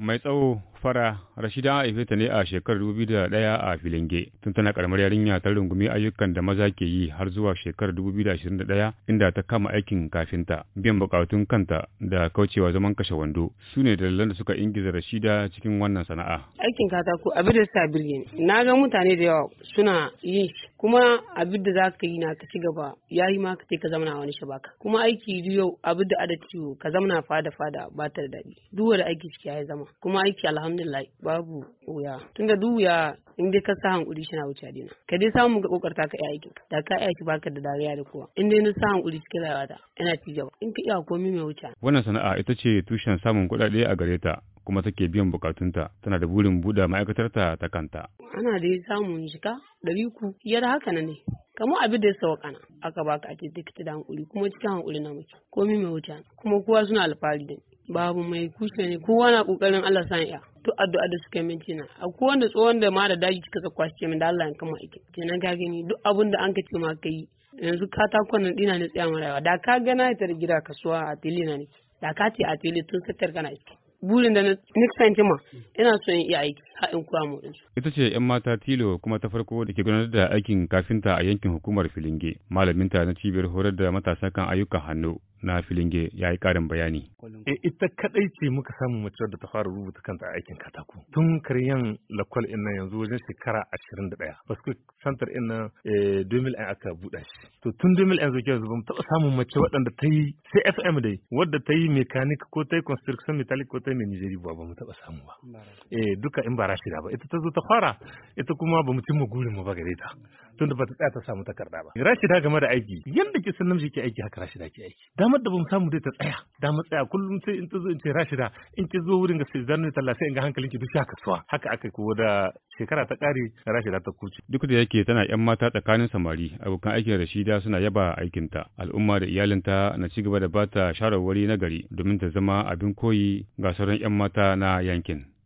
mai tsawo fara rashida a haife ta ne a shekarar dubu da daya a filinge tun tana karamar yarinya ta rungumi ayyukan da maza ke yi har zuwa shekarar dubu biyu da ashirin da daya inda ta kama aikin kafinta biyan bukatun kanta da kaucewa zaman kashe wando su ne dalilan da suka ingiza rashida cikin wannan sana'a aikin katako abin da sa birge na ga mutane da yawa suna yi. kuma abin da za ka yi na ka ci gaba ya yi ma ka ce ka zamana wani shabaka kuma aiki yau abin da ada ciwo ka zamana fada fada ba ta da daɗi duk da aiki ciki ya zama kuma aiki alhamdulillah babu wuya tunda duk wuya in dai ka sa hankuri shi na wuce dina ka dai samu ga kokarta ka yi aikin da ka aiki baka da dariya da kowa in dai na sa hankuri cikin rayuwata ina ci gaba in ka iya komai mai wuce wannan sana'a ita ce tushen samun kuɗaɗe a gare ta kuma take biyan bukatunta tana da burin buɗe ma'aikatarta ta kanta. Ana da samun shiga ɗari ku yar haka na ne. Kamu abi da ya kana. aka baka ake duk ta da hankuli kuma cikin hankuli na ko komi mai wuce kuma kowa suna alfahari da babu mai kushe ne kowa na kokarin Allah san ya to addu'a da suka min na akwai wanda tsohon da ma da daji suka zakwa shi min da Allah ya kama ake kenan ka gani duk abin da an ka ce ma ka yi yanzu katakon nan dina ne tsaya yawa da ka gana ta gida kasuwa a tili na ne da ka ce a tili tun sattar kana iske burin da next time jima ina so in iya aiki haɗin kwamo mu. ita ce yan mata tilo kuma ta farko da ke gudanar da aikin kafinta a yankin hukumar filinge malaminta na cibiyar horar da matasa kan ayyukan hannu na filinge ya yi karin bayani. E, ita kaɗai ce muka samu mace da ta fara rubuta kanta a aikin katako. Tun karyan lakwal in nan yanzu wajen shekara ashirin da ɗaya. Basku santar in nan 2000 eh, aka buɗa shi. To tun 2000 zuke yanzu ba mu taɓa samun mace waɗanda ta yi CFM dai wadda ta yi mekanik ko ta yi construction metallic ko ta yi nijeri ba ba mu taɓa samu ba. E, duka in ba rashida ba. Ita ta zo ta fara ita kuma ba mu cimma gurin mu ba gare ta. tunda ba ta tsaya ta samu takarda ba rashida game da aiki yadda ki san ke aiki haka rashida ke aiki damar da bamu samu dai ta tsaya damar tsaya kullum sai in ta zo in ce rashida in ki zo wurin ga sai ne talla sai in ga hankalin ki duk ya kasuwa haka aka ko da shekara ta kare rashida ta kuce duk da yake tana yan mata tsakanin samari abokan aikin rashida suna yaba aikinta al'umma da iyalinta na ci gaba da bata shawarwari na gari domin ta zama abin koyi ga sauran yan mata na yankin